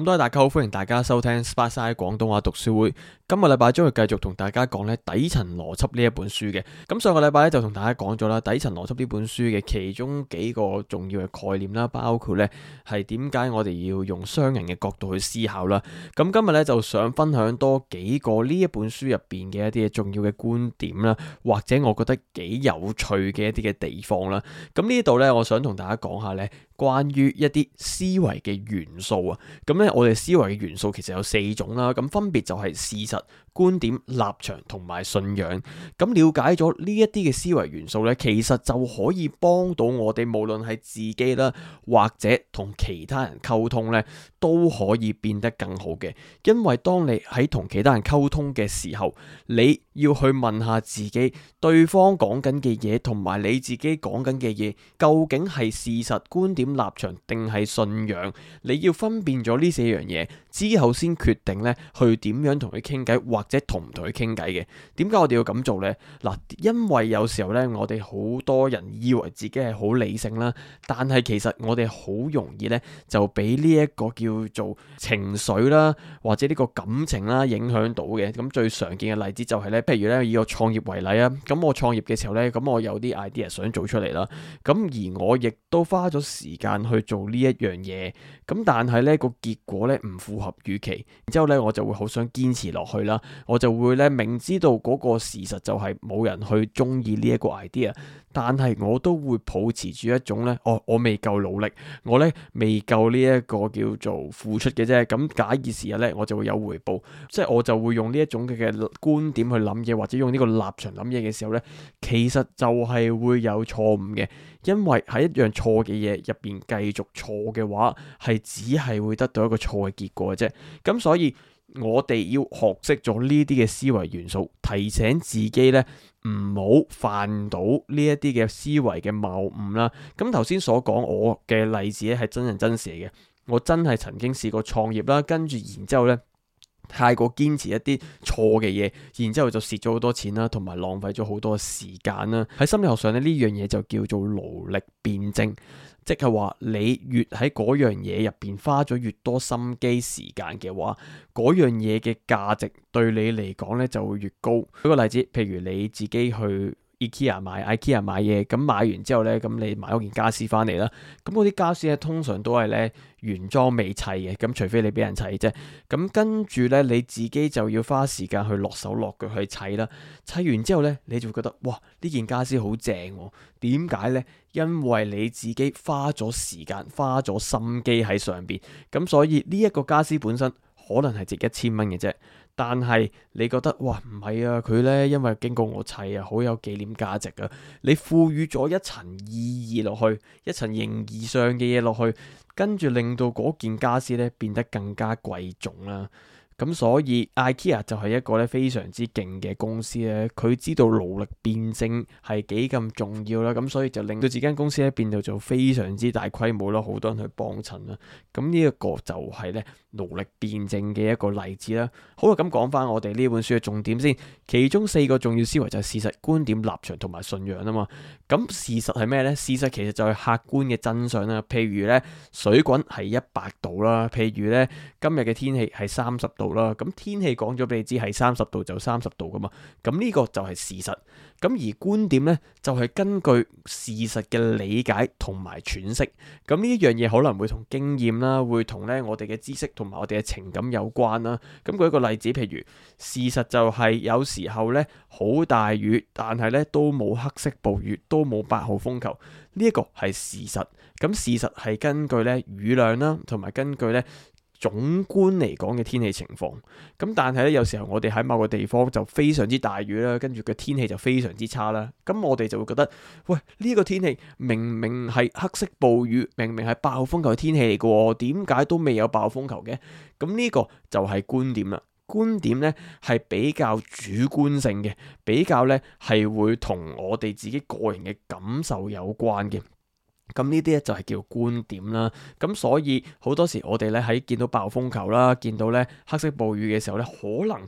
咁多位大家好，好歡迎大家收聽《Sparksine 廣東話讀書會》。今日禮拜將會繼續同大家講咧《底層邏輯》呢一本書嘅。咁上個禮拜咧就同大家講咗啦，《底層邏輯》呢本書嘅其中幾個重要嘅概念啦，包括咧係點解我哋要用商人嘅角度去思考啦。咁今日咧就想分享多幾個呢一本書入邊嘅一啲重要嘅觀點啦，或者我覺得幾有趣嘅一啲嘅地方啦。咁呢度咧，我想同大家講下咧。關於一啲思維嘅元素啊，咁呢我哋思維嘅元素其實有四種啦，咁分別就係事實、觀點、立場同埋信仰，咁了解咗呢一啲嘅思維元素呢，其實就可以幫到我哋，無論係自己啦，或者同其他人溝通呢，都可以變得更好嘅。因為當你喺同其他人溝通嘅時候，你要去問下自己，對方講緊嘅嘢同埋你自己講緊嘅嘢，究竟係事實、觀點、立場定係信仰？你要分辨咗呢四樣嘢之後，先決定呢去點樣同佢傾偈或。即係同唔同佢傾偈嘅？點解我哋要咁做呢？嗱，因為有時候呢，我哋好多人以為自己係好理性啦，但係其實我哋好容易呢，就俾呢一個叫做情緒啦，或者呢個感情啦影響到嘅。咁最常見嘅例子就係呢，譬如呢，以我創業為例啊，咁我創業嘅時候呢，咁我有啲 idea 想做出嚟啦，咁而我亦都花咗時間去做呢一樣嘢，咁但係呢個結果呢唔符合預期，然之後呢我就會好想堅持落去啦。我就會咧，明知道嗰個事實就係冇人去中意呢一個 idea，但係我都會保持住一種咧，哦，我未夠努力，我咧未夠呢一個叫做付出嘅啫。咁假以時日咧，我就會有回報，即係我就會用呢一種嘅觀點去諗嘢，或者用呢個立場諗嘢嘅時候咧，其實就係會有錯誤嘅，因為喺一樣錯嘅嘢入邊繼續錯嘅話，係只係會得到一個錯嘅結果嘅啫。咁所以。我哋要學識咗呢啲嘅思維元素，提醒自己咧唔好犯到呢一啲嘅思維嘅謬誤啦。咁頭先所講我嘅例子咧係真人真事嚟嘅，我真係曾經試過創業啦，跟住然之後咧。太過堅持一啲錯嘅嘢，然之後就蝕咗好多錢啦，同埋浪費咗好多時間啦。喺心理學上呢，呢樣嘢就叫做勞力辯證，即係話你越喺嗰樣嘢入邊花咗越多心機時間嘅話，嗰樣嘢嘅價值對你嚟講呢就會越高。舉個例子，譬如你自己去 IKEA 買 IKEA 買嘢，咁買完之後呢，咁你買嗰件家私翻嚟啦。咁嗰啲家私呢，通常都係呢原裝未砌嘅，咁除非你俾人砌啫。咁跟住呢，你自己就要花時間去落手落腳去砌啦。砌完之後呢，你就會覺得哇，呢件家私好正喎。點解呢？因為你自己花咗時間、花咗心機喺上邊，咁所以呢一個家私本身可能係值一千蚊嘅啫。但係你覺得哇唔係啊，佢呢，因為經過我砌啊，好有紀念價值啊，你賦予咗一層意義落去，一層形而上嘅嘢落去，跟住令到嗰件家私呢，變得更加貴重啦，啊。咁所以 IKEA 就係一個咧非常之勁嘅公司咧，佢知道勞力辯證係幾咁重要啦，咁所以就令到自己間公司咧變到做非常之大規模啦，好多人去幫襯啦。咁呢一個就係咧勞力辯證嘅一個例子啦。好啦，咁講翻我哋呢本書嘅重點先，其中四個重要思維就係事實、觀點、立場同埋信仰啊嘛。咁事實係咩咧？事實其實就係客觀嘅真相啦。譬如咧水滾係一百度啦，譬如咧今日嘅天氣係三十度。啦，咁天氣講咗俾你知係三十度就三十度噶嘛，咁、這、呢個就係事實。咁而觀點呢，就係、是、根據事實嘅理解同埋詮釋。咁呢一樣嘢可能會同經驗啦，會同呢我哋嘅知識同埋我哋嘅情感有關啦。咁舉一個例子，譬如事實就係有時候呢，好大雨，但係呢都冇黑色暴雨，都冇八號風球。呢、這、一個係事實。咁事實係根據呢雨量啦，同埋根據呢。總觀嚟講嘅天氣情況，咁但係咧有時候我哋喺某個地方就非常之大雨啦，跟住個天氣就非常之差啦，咁我哋就會覺得，喂呢個天氣明明係黑色暴雨，明明係暴風球天氣嚟嘅喎，點解都未有暴風球嘅？咁呢個就係觀點啦，觀點咧係比較主觀性嘅，比較咧係會同我哋自己個人嘅感受有關嘅。咁呢啲咧就係叫觀點啦。咁所以好多時我哋咧喺見到暴風球啦，見到咧黑色暴雨嘅時候咧，可能，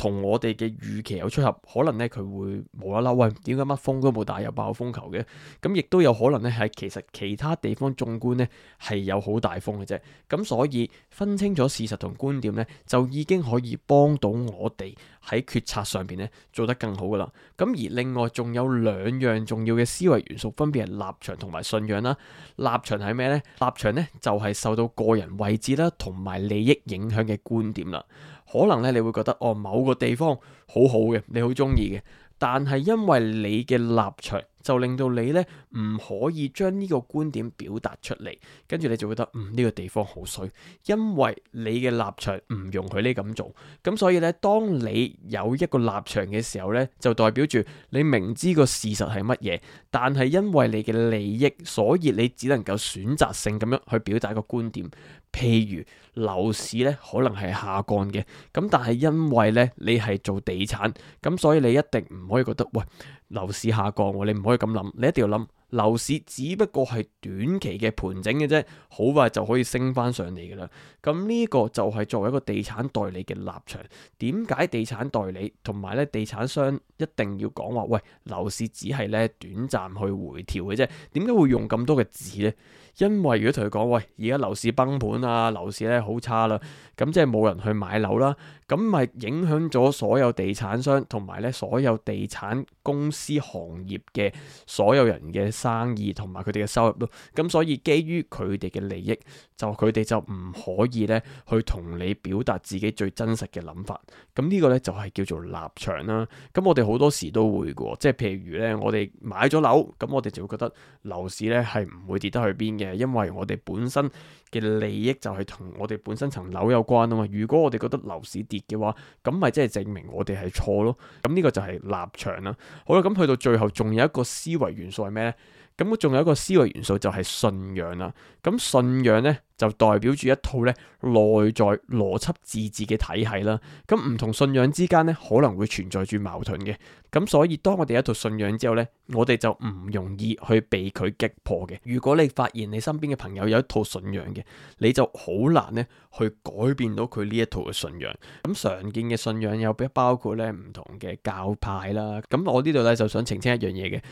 同我哋嘅預期有出入，可能咧佢會無啦啦，喂點解乜風都冇帶入爆風球嘅？咁亦都有可能咧，係其實其他地方縱觀咧係有好大風嘅啫。咁所以分清楚事實同觀點咧，就已經可以幫到我哋喺決策上邊咧做得更好噶啦。咁而另外仲有兩樣重要嘅思維元素，分別係立場同埋信仰啦。立場係咩呢？立場呢，就係受到個人位置啦同埋利益影響嘅觀點啦。可能咧，你會覺得哦，某個地方好好嘅，你好鍾意嘅，但係因為你嘅立場，就令到你咧唔可以將呢個觀點表達出嚟，跟住你就會覺得嗯呢個地方好衰，因為你嘅立場唔容許你咁做。咁所以咧，當你有一個立場嘅時候咧，就代表住你明知個事實係乜嘢，但係因為你嘅利益，所以你只能夠選擇性咁樣去表達個觀點。譬如樓市咧可能係下降嘅，咁但係因為咧你係做地產，咁所以你一定唔可以覺得喂。樓市下降，你唔可以咁諗，你一定要諗，樓市只不過係短期嘅盤整嘅啫，好快就可以升翻上嚟噶啦。咁呢個就係作為一個地產代理嘅立場。點解地產代理同埋咧地產商一定要講話，喂，樓市只係咧短暫去回調嘅啫。點解會用咁多嘅字呢？因為如果同佢講喂，而家樓市崩盤啊，樓市咧好差啦，咁即係冇人去買樓啦，咁咪影響咗所有地產商同埋咧所有地產公司行業嘅所有人嘅生意同埋佢哋嘅收入咯。咁所以基於佢哋嘅利益，就佢哋就唔可以咧去同你表達自己最真實嘅諗法。咁呢個咧就係叫做立場啦。咁我哋好多時都會嘅，即係譬如咧，我哋買咗樓，咁我哋就會覺得樓市咧係唔會跌得去邊。因為我哋本身嘅利益就係同我哋本身層樓有關啊嘛。如果我哋覺得樓市跌嘅話，咁咪即係證明我哋係錯咯。咁呢個就係立場啦。好啦，咁去到最後，仲有一個思維元素係咩呢？咁我仲有一個思維元素就係信仰啦。咁信仰咧就代表住一套咧內在邏輯自治嘅體系啦。咁唔同信仰之間咧可能會存在住矛盾嘅。咁所以當我哋有一套信仰之後咧，我哋就唔容易去被佢擊破嘅。如果你發現你身邊嘅朋友有一套信仰嘅，你就好難咧去改變到佢呢一套嘅信仰。咁常見嘅信仰有包括咧唔同嘅教派啦。咁我呢度咧就想澄清一樣嘢嘅。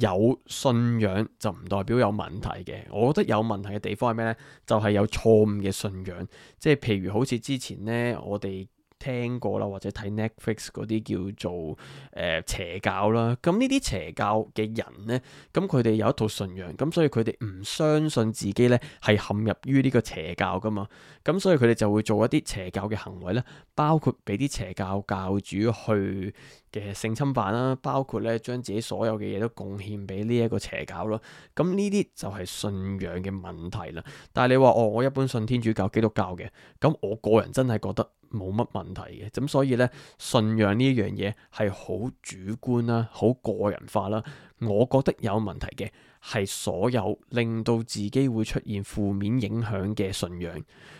有信仰就唔代表有問題嘅，我覺得有問題嘅地方係咩咧？就係有錯誤嘅信仰，即係譬如好似之前咧，我哋。聽過啦，或者睇 Netflix 嗰啲叫做誒、呃、邪教啦。咁呢啲邪教嘅人呢，咁佢哋有一套信仰，咁、嗯、所以佢哋唔相信自己呢係陷入於呢個邪教噶嘛。咁、嗯、所以佢哋就會做一啲邪教嘅行為呢，包括俾啲邪教教主去嘅性侵犯啦，包括呢將自己所有嘅嘢都貢獻俾呢一個邪教咯。咁呢啲就係信仰嘅問題啦。但係你話哦，我一般信天主教、基督教嘅，咁、嗯、我個人真係覺得。冇乜問題嘅，咁所以咧，信仰呢一樣嘢係好主觀啦，好個人化啦。我覺得有問題嘅係所有令到自己會出現負面影響嘅信仰。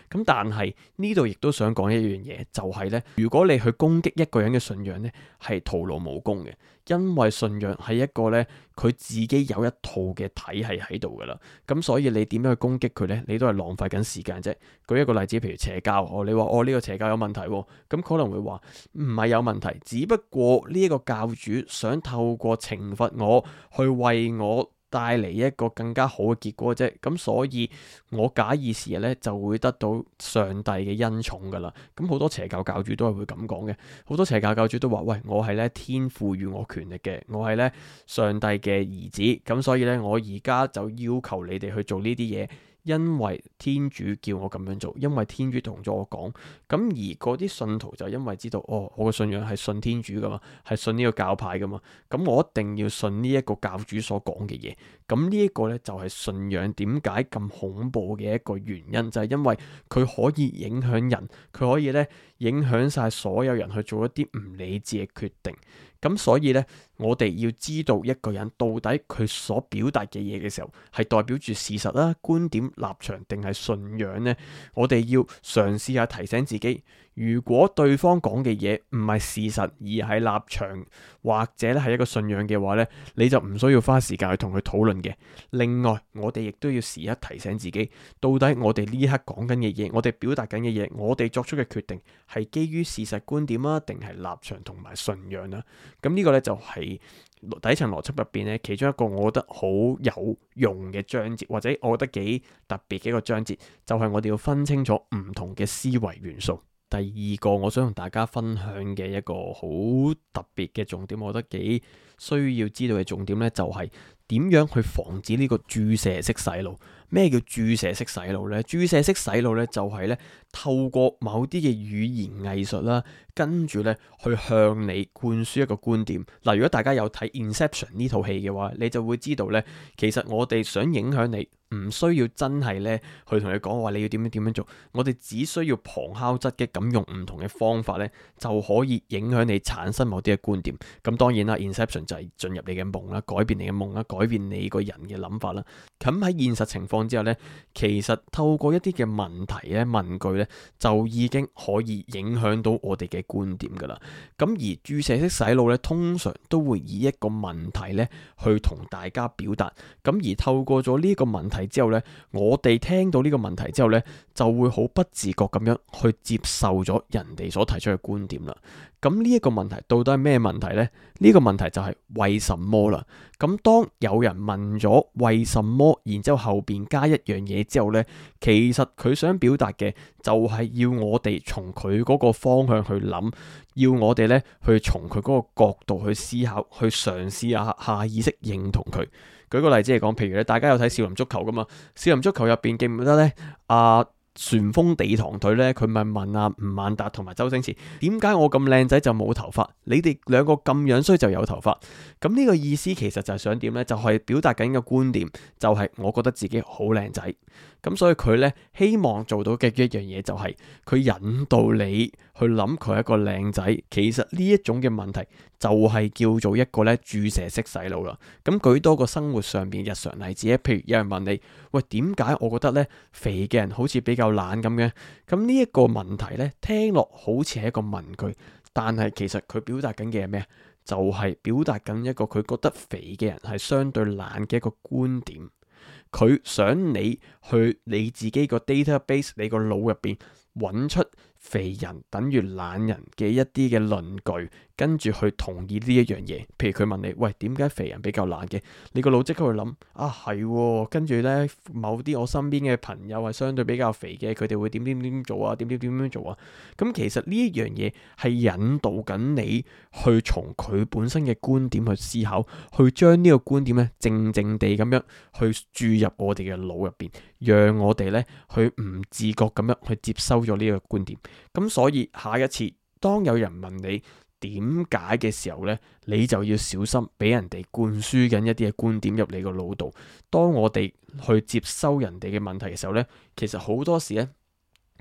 咁但係呢度亦都想講一樣嘢，就係呢：如果你去攻擊一個人嘅信仰呢係徒勞無功嘅，因為信仰係一個呢佢自己有一套嘅體系喺度㗎啦。咁所以你點樣去攻擊佢呢？你都係浪費緊時間啫。舉一個例子，譬如邪教，哦，你話我呢個邪教有問題哦，咁，嗯，可能會話唔係有問題，只不過呢一個教主想透過懲罰我。去為我帶嚟一個更加好嘅結果啫，咁所以我假以時日咧就會得到上帝嘅恩寵噶啦。咁好多邪教教主都係會咁講嘅，好多邪教教主都話：喂，我係咧天賦予我權力嘅，我係咧上帝嘅兒子，咁所以咧我而家就要求你哋去做呢啲嘢。因為天主叫我咁樣做，因為天主同咗我講，咁而嗰啲信徒就因為知道哦，我嘅信仰係信天主噶嘛，係信呢個教派噶嘛，咁我一定要信呢一個教主所講嘅嘢，咁呢一個咧就係信仰點解咁恐怖嘅一個原因，就係因為佢可以影響人，佢可以咧影響晒所有人去做一啲唔理智嘅決定，咁所以咧。我哋要知道一個人到底佢所表達嘅嘢嘅時候，係代表住事實啦、啊、觀點、立場，定係信仰呢？我哋要嘗試下提醒自己，如果對方講嘅嘢唔係事實，而係立場或者咧係一個信仰嘅話呢，你就唔需要花時間去同佢討論嘅。另外，我哋亦都要時刻提醒自己，到底我哋呢一刻講緊嘅嘢，我哋表達緊嘅嘢，我哋作出嘅決定係基於事實、觀點啊，定係立場同埋信仰啦、啊。咁呢個呢，就係、是。底層邏輯入邊咧，其中一個我覺得好有用嘅章節，或者我覺得幾特別嘅一個章節，就係、是、我哋要分清楚唔同嘅思維元素。第二個我想同大家分享嘅一個好特別嘅重點，我覺得幾需要知道嘅重點呢、就是，就係。點樣去防止呢個注射式洗腦？咩叫注射式洗腦呢？注射式洗腦呢，就係呢透過某啲嘅語言藝術啦，跟住呢去向你灌輸一個觀點。嗱、呃，如果大家有睇《Inception》呢套戲嘅話，你就會知道呢，其實我哋想影響你，唔需要真係呢去同你講話，你要點樣點樣做。我哋只需要旁敲側擊咁用唔同嘅方法呢，就可以影響你產生某啲嘅觀點。咁、嗯、當然啦，《Inception》就係、是、進入你嘅夢啦，改變你嘅夢啦。改變你個人嘅諗法啦。咁喺現實情況之下呢，其實透過一啲嘅問題咧、問句咧，就已經可以影響到我哋嘅觀點噶啦。咁而注射式洗腦咧，通常都會以一個問題咧去同大家表達。咁而透過咗呢個問題之後呢，我哋聽到呢個問題之後呢，就會好不自覺咁樣去接受咗人哋所提出嘅觀點啦。咁呢一個問題到底係咩問題呢？呢個問題就係為什麼啦。咁當有人問咗為什麼，然之後後邊加一樣嘢之後呢，其實佢想表達嘅就係要我哋從佢嗰個方向去諗，要我哋呢去從佢嗰個角度去思考，去嘗試下下意識認同佢。舉個例子嚟講，譬如咧，大家有睇少林足球噶嘛？少林足球入邊記唔記得呢？啊？旋風地堂腿呢，佢咪問阿吳孟達同埋周星馳，點解我咁靚仔就冇頭髮？你哋兩個咁樣衰就有頭髮？咁呢個意思其實就係想點呢？就係、是、表達緊個觀點，就係我覺得自己好靚仔。咁、嗯、所以佢咧希望做到嘅一樣嘢就係佢引導你去諗佢係一個靚仔。其實呢一種嘅問題就係叫做一個咧注射式洗腦啦。咁、嗯、舉多個生活上面日常例子，譬如有人問你：喂，點解我覺得咧肥嘅人好似比較懶咁嘅？咁呢一個問題咧聽落好似係一個問句，但係其實佢表達緊嘅係咩？就係、是、表達緊一個佢覺得肥嘅人係相對懶嘅一個觀點。佢想你去你自己個 database，你個腦入邊揾出肥人等於懶人嘅一啲嘅論據。跟住去同意呢一樣嘢，譬如佢問你喂，點解肥人比較懶嘅？你個腦即刻會諗啊，係跟住呢，某啲我身邊嘅朋友係相對比較肥嘅，佢哋會點點點做啊？點點點樣做啊？咁其實呢一樣嘢係引導緊你去從佢本身嘅觀點去思考，去將呢個觀點咧，靜靜地咁樣去注入我哋嘅腦入邊，讓我哋咧去唔自覺咁樣去接收咗呢個觀點。咁所以下一次當有人問你，點解嘅時候呢，你就要小心俾人哋灌輸緊一啲嘅觀點入你個腦度。當我哋去接收人哋嘅問題嘅時候呢，其實好多時呢，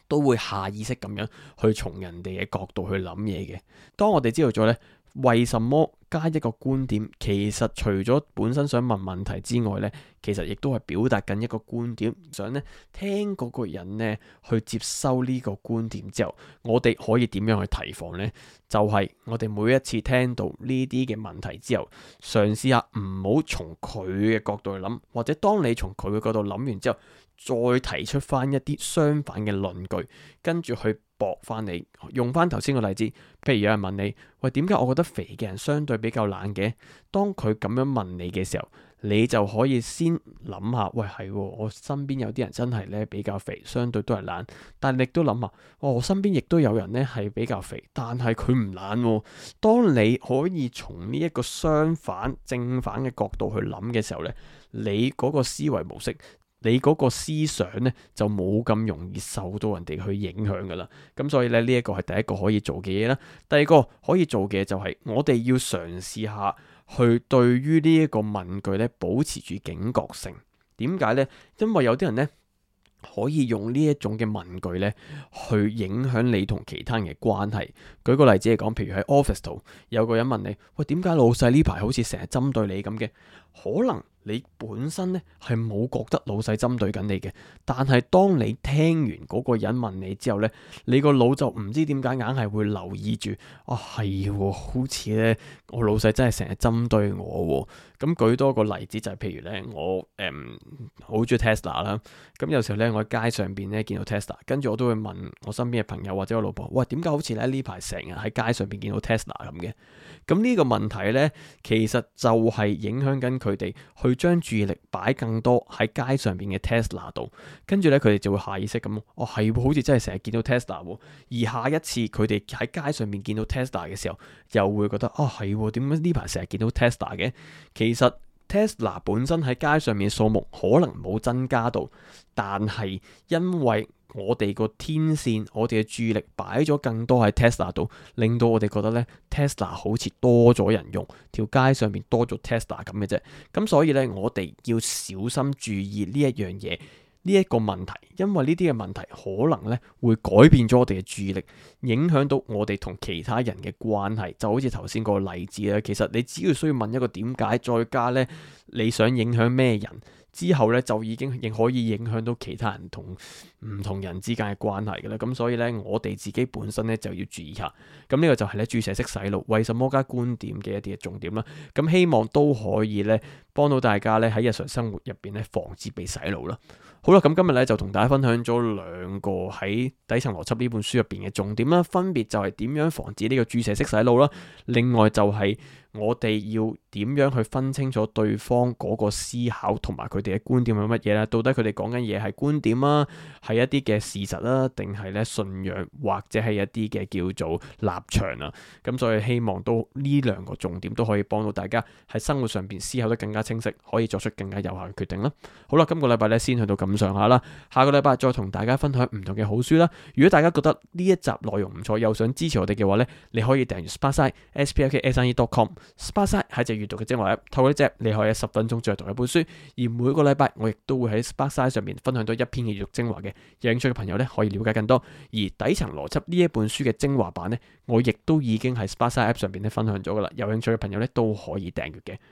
都會下意識咁樣去從人哋嘅角度去諗嘢嘅。當我哋知道咗呢。為什麼加一個觀點？其實除咗本身想問問題之外呢，其實亦都係表達緊一個觀點，想咧聽嗰個人呢去接收呢個觀點。之後，我哋可以點樣去提防呢？就係我哋每一次聽到呢啲嘅問題之後，嘗試下唔好從佢嘅角度去諗，或者當你從佢嘅角度諗完之後。再提出翻一啲相反嘅論據，跟住去駁翻你。用翻頭先個例子，譬如有人問你：喂，點解我覺得肥嘅人相對比較懶嘅？當佢咁樣問你嘅時候，你就可以先諗下：喂，係喎，哦，我身邊有啲人真係咧比較肥，相對都係懶。但係亦都諗下：我身邊亦都有人咧係比較肥，但係佢唔懶，哦。當你可以從呢一個相反正反嘅角度去諗嘅時候咧，你嗰個思維模式。你嗰個思想呢，就冇咁容易受到人哋去影響㗎啦，咁所以咧，呢一個係第一個可以做嘅嘢啦。第二個可以做嘅就係我哋要嘗試下去對於呢一個問句呢，保持住警覺性。點解呢？因為有啲人呢，可以用呢一種嘅問句呢去影響你同其他人嘅關係。舉個例子嚟講，譬如喺 Office 度有個人問你：喂，點解老細呢排好似成日針對你咁嘅？可能。你本身咧，係冇覺得老細針對緊你嘅，但係當你聽完嗰個人問你之後咧，你個腦就唔知點解硬係會留意住啊，係喎、哦，好似咧，我老細真係成日針對我喎、哦。咁、嗯、舉多個例子就係、是、譬如咧，我誒好中意 Tesla 啦，咁有時候咧，我喺街上邊咧見到 Tesla，跟住我都會問我身邊嘅朋友或者我老婆，喂，點解好似咧，呢排成日喺街上邊見到 Tesla 咁嘅？咁呢個問題咧，其實就係影響緊佢哋去。會將注意力擺更多喺街上面嘅 Tesla 度，跟住呢，佢哋就會下意識咁，我、哦、係好似真係成日見到 Tesla 喎。而下一次佢哋喺街上面見到 Tesla 嘅時候，又會覺得哦，係點解呢排成日見到 Tesla 嘅？其實 Tesla 本身喺街上面數目可能冇增加到，但係因為。我哋個天線，我哋嘅注意力擺咗更多喺 Tesla 度，令到我哋覺得咧 Tesla 好似多咗人用，條街上面多咗 Tesla 咁嘅啫。咁所以咧，我哋要小心注意呢一樣嘢，呢一個問題，因為呢啲嘅問題可能咧會改變咗我哋嘅注意力，影響到我哋同其他人嘅關係。就好似頭先個例子啦，其實你只要需要問一個點解，再加咧你想影響咩人？之後咧就已經亦可以影響到其他人同唔同人之間嘅關係嘅啦，咁所以咧我哋自己本身咧就要注意下，咁呢個就係咧注射式洗腦，為什麼加觀點嘅一啲嘅重點啦，咁希望都可以咧，幫到大家咧喺日常生活入邊咧防止被洗腦啦。好啦，咁今日咧就同大家分享咗兩個喺底層邏輯呢本書入邊嘅重點啦，分別就係點樣防止呢個注射式洗腦啦。另外就係我哋要點樣去分清楚對方嗰個思考同埋佢哋嘅觀點係乜嘢啦？到底佢哋講緊嘢係觀點啊，係一啲嘅事實啊，定係咧信仰或者係一啲嘅叫做立場啊？咁所以希望都呢兩個重點都可以幫到大家喺生活上邊思考得更加。清晰，可以作出更加有效嘅決定啦。好啦，今個禮拜咧先去到咁上下啦，下個禮拜再同大家分享唔同嘅好書啦。如果大家覺得呢一集內容唔錯，又想支持我哋嘅話咧，你可以訂閱 Sparksine, sparksine.com，Sparksine 係隻閱讀嘅精華 app，透過呢隻你可以喺十分鐘再讀一本書。而每個禮拜我亦都會喺 Sparksine 上面分享到一篇閱讀精華嘅。有興趣嘅朋友咧可以了解更多，而底層邏輯呢一本書嘅精華版咧，我亦都已經喺 Sparksine app 上邊咧分享咗噶啦。有興趣嘅朋友咧都可以訂閱嘅。